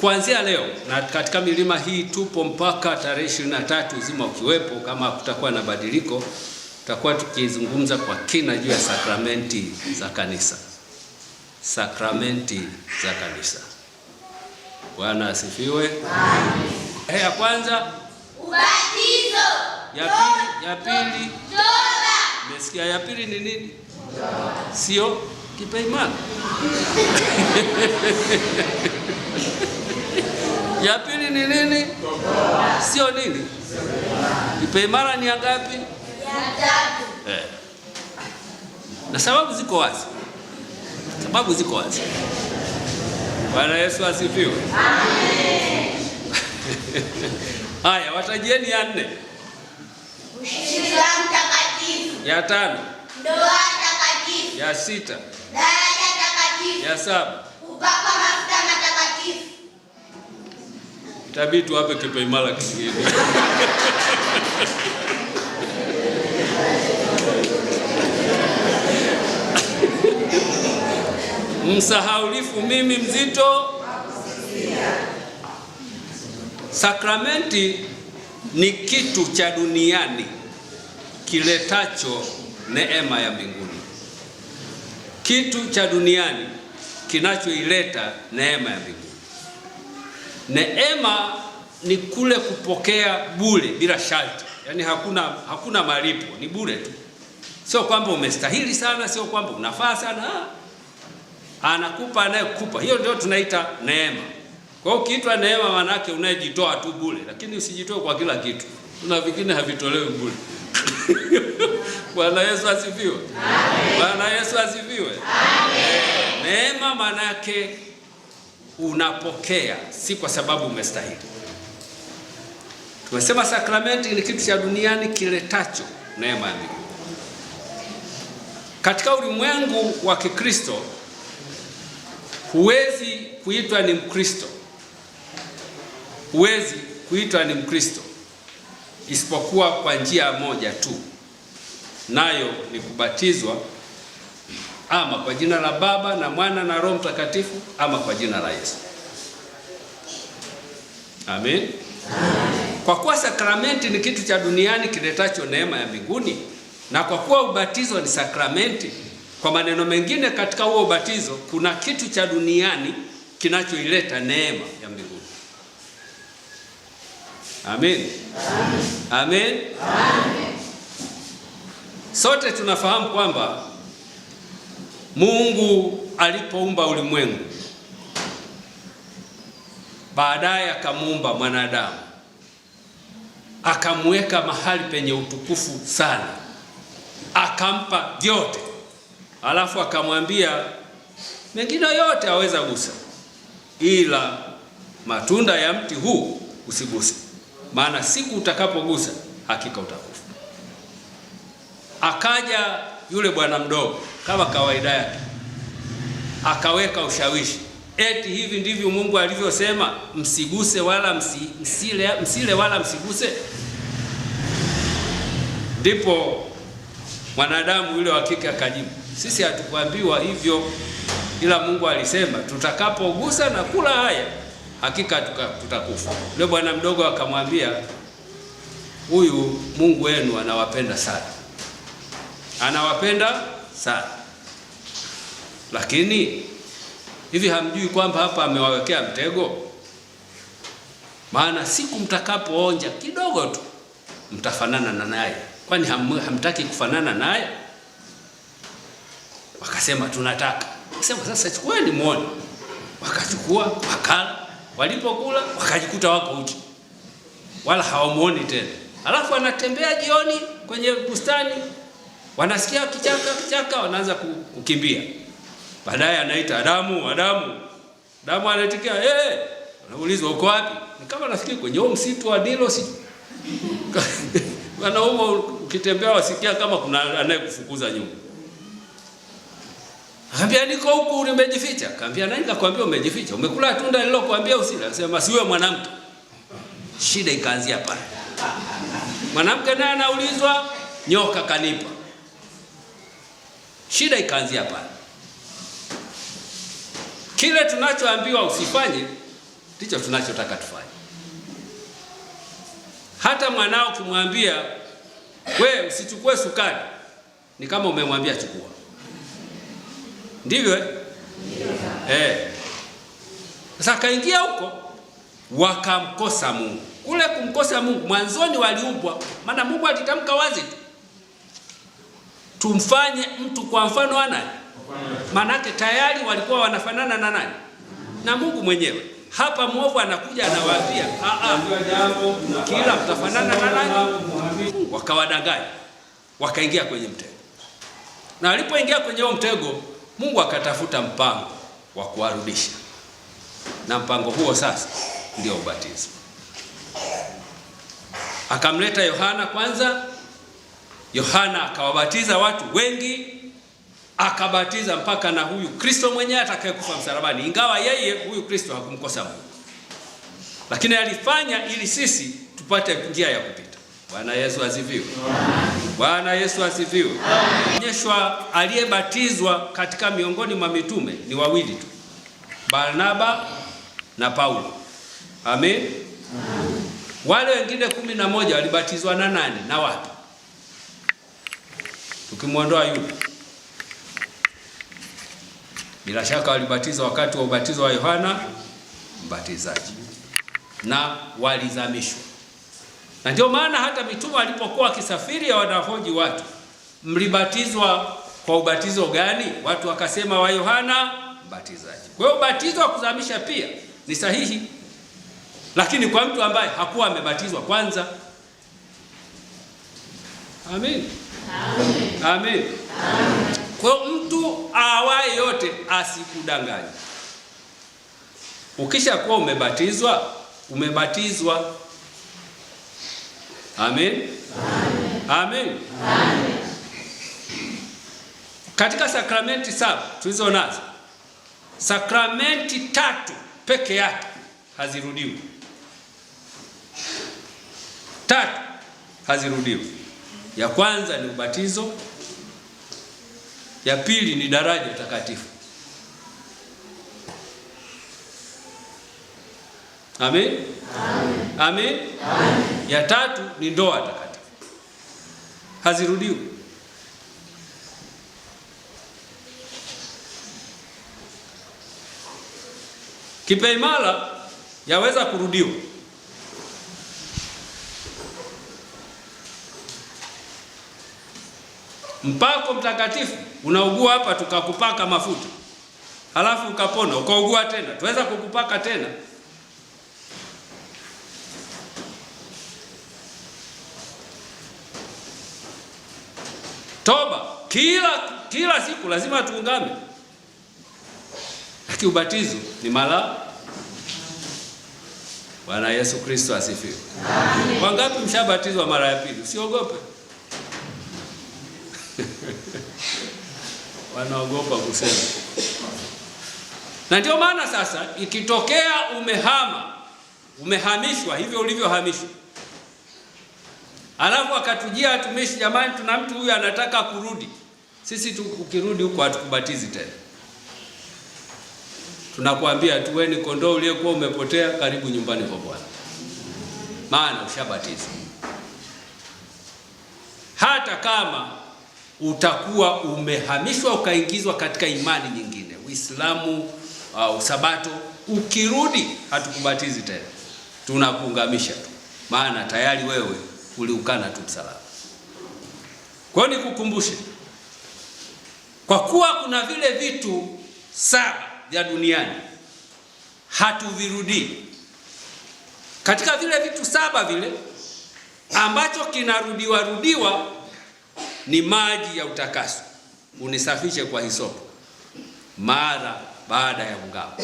Kuanzia leo na katika milima hii tupo mpaka tarehe 23 uzima ukiwepo, kama kutakuwa na badiliko, tutakuwa tukizungumza kwa kina juu ya sakramenti za kanisa. Sakramenti za kanisa. Bwana asifiwe. Hey, eh, ya kwanza ubatizo, ya pili, ya pili toba. Umesikia, ya pili ni nini? Sio kipaimara ya pili ni nini? Sio nini? imara ni ya ngapi? Eh. Na sababu ziko wazi, sababu ziko wazi. Bwana Yesu asifiwe. Amen. Haya, watajieni ya nne. Ushirika mtakatifu. Ya tano. Ndoa takatifu. Ya sita. Daraja takatifu. Ya saba. Upako tabii tuwape kipaimara kingine msahaulifu mimi mzito. Sakramenti ni kitu cha duniani kiletacho neema ya mbinguni, kitu cha duniani kinachoileta neema ya mbinguni. Neema ni kule kupokea bure bila sharti, yaani hakuna, hakuna malipo, ni bure tu. Sio kwamba umestahili sana, sio kwamba unafaa sana, anakupa anayekupa. Hiyo ndio tunaita neema. Kwa hiyo ukiitwa neema, yake unayejitoa tu bure, lakini usijitoe kwa kila kitu. Kuna vingine havitolewi bure. Bwana Yesu asifiwe. Amen. Bwana Yesu asifiwe. Amen. Neema yake unapokea, si kwa sababu umestahili. Tumesema sakramenti ni kitu cha duniani kiletacho neema ya Katika ulimwengu wa Kikristo huwezi kuitwa ni Mkristo, huwezi kuitwa ni Mkristo isipokuwa kwa njia moja tu, nayo ni kubatizwa ama kwa jina la Baba na Mwana na Roho Mtakatifu, ama kwa jina la Yesu. Amen, amen. Kwa kuwa sakramenti ni kitu cha duniani kiletacho neema ya mbinguni, na kwa kuwa ubatizo ni sakramenti, kwa maneno mengine, katika huo ubatizo kuna kitu cha duniani kinachoileta neema ya mbinguni. Amen. Amen. Amen. Amen. Sote tunafahamu kwamba Mungu alipoumba ulimwengu, baadaye akamuumba mwanadamu, akamweka mahali penye utukufu sana, akampa vyote, alafu akamwambia mengine yote aweza gusa, ila matunda ya mti huu usiguse, maana siku utakapogusa hakika utakufa. Akaja yule bwana mdogo kama kawaida yake, akaweka ushawishi eti hivi ndivyo Mungu alivyosema, msiguse wala msi, msile, msile wala msiguse. Ndipo mwanadamu yule wa kike akajibu, sisi hatukuambiwa hivyo, ila Mungu alisema tutakapogusa na kula haya hakika tutakufa. Yule bwana mdogo akamwambia, huyu Mungu wenu anawapenda sana anawapenda sana. Lakini hivi hamjui kwamba hapa amewawekea mtego? Maana siku mtakapoonja kidogo tu mtafanana na naye, kwani ham, hamtaki kufanana naye? Wakasema tunataka. Wakasema sasa chukueni muone. Wakachukua wakala, walipokula wakajikuta wako uchi, wala hawamuoni tena. Alafu anatembea jioni kwenye bustani wanasikia kichaka kichaka, wanaanza kukimbia. Baadaye anaita Adamu, Adamu. Adamu anaitikia eh, eh. anaulizwa uko wapi? Ni kama nasikia kwenye huo msitu wa Dilo, si wanauma, ukitembea wasikia kama kuna anayekufukuza nyuma. Akambia niko huku nimejificha. Akambia nani kakwambia umejificha? Umekula tunda nilokuambia usile. Akasema siwe mwanamke. Shida ikaanzia pale. Mwanamke naye anaulizwa, nyoka kanipa. Shida ikaanzia pale. Kile tunachoambiwa usifanye ndicho tunachotaka tufanye. Hata mwanao kumwambia we usichukue sukari, ni kama umemwambia chukua, ndivyo eh? eh. Sasa akaingia huko, wakamkosa Mungu. Kule kumkosa Mungu, mwanzoni waliumbwa, maana Mungu alitamka wazi tu tumfanye mtu kwa mfano wa nani? Maanake tayari walikuwa wanafanana na nani? Na Mungu mwenyewe. Hapa mwovu anakuja anawaambia, ah, ah, kila mtafanana na nani? Wakawadanganya, wakaingia kwenye mtego, na walipoingia kwenye huo mtego, Mungu akatafuta mpango wa kuwarudisha, na mpango huo sasa ndio ubatizo. Akamleta Yohana kwanza Yohana akawabatiza watu wengi, akabatiza mpaka na huyu Kristo mwenyewe atakayekufa msalabani, ingawa yeye huyu Kristo hakumkosa Mungu, lakini alifanya ili sisi tupate njia ya kupita. Bwana Yesu asifiwe! Bwana Yesu asifiwe! Onyeshwa aliyebatizwa katika miongoni mwa mitume ni wawili tu, Barnaba na Paulo. Amen. Wale wengine kumi na moja walibatizwa na nani na wapi? Tukimwondoa yule bila shaka walibatizwa wakati wa ubatizo wa Yohana Mbatizaji na walizamishwa, na ndio maana hata mitume walipokuwa wakisafiri, wanahoji watu, mlibatizwa kwa ubatizo gani? Watu wakasema wa Yohana Mbatizaji. Kwa hiyo ubatizo wa kuzamisha pia ni sahihi, lakini kwa mtu ambaye hakuwa amebatizwa kwanza. Amin, amin. Amen. Kwa mtu awaye yote asikudanganye. Ukishakuwa umebatizwa, umebatizwa. Amen. Amen. Katika sakramenti saba tulizo nazo, sakramenti tatu peke yake hazirudiwi, tatu hazirudiwi. Ya kwanza ni ubatizo, ya pili ni daraja takatifu. Amen. Amen. Amen. Amen. Ya tatu ni ndoa takatifu, hazirudiwi. Kipaimara yaweza kurudiwa. Mpako mtakatifu unaugua hapa, tukakupaka mafuta halafu ukapona, ukaugua tena, tuweza kukupaka tena. Toba kila kila siku lazima tuungame, lakini ubatizo ni mara. Bwana Yesu Kristo asifiwe. Wangapi mshabatizwa mara ya pili? Usiogope. wanaogopa kusema. Na ndio maana sasa ikitokea umehama, umehamishwa hivyo ulivyohamishwa, alafu akatujia watumishi, jamani, tuna mtu huyu anataka kurudi, sisi tu ukirudi huko hatukubatizi tena, tunakuambia tu wewe ni kondoo uliyekuwa umepotea, karibu nyumbani kwa Bwana, maana ushabatizwa hata kama utakuwa umehamishwa ukaingizwa katika imani nyingine, Uislamu au uh, Sabato. Ukirudi hatukubatizi tena, tunakuungamisha tu, maana tayari wewe uliukana tu msalaba. Kwa hiyo nikukumbushe, kwa kuwa kuna vile vitu saba vya duniani hatuvirudii. Katika vile vitu saba vile ambacho kinarudiwarudiwa ni maji ya utakaso, unisafishe kwa hisopo mara baada ya mgao.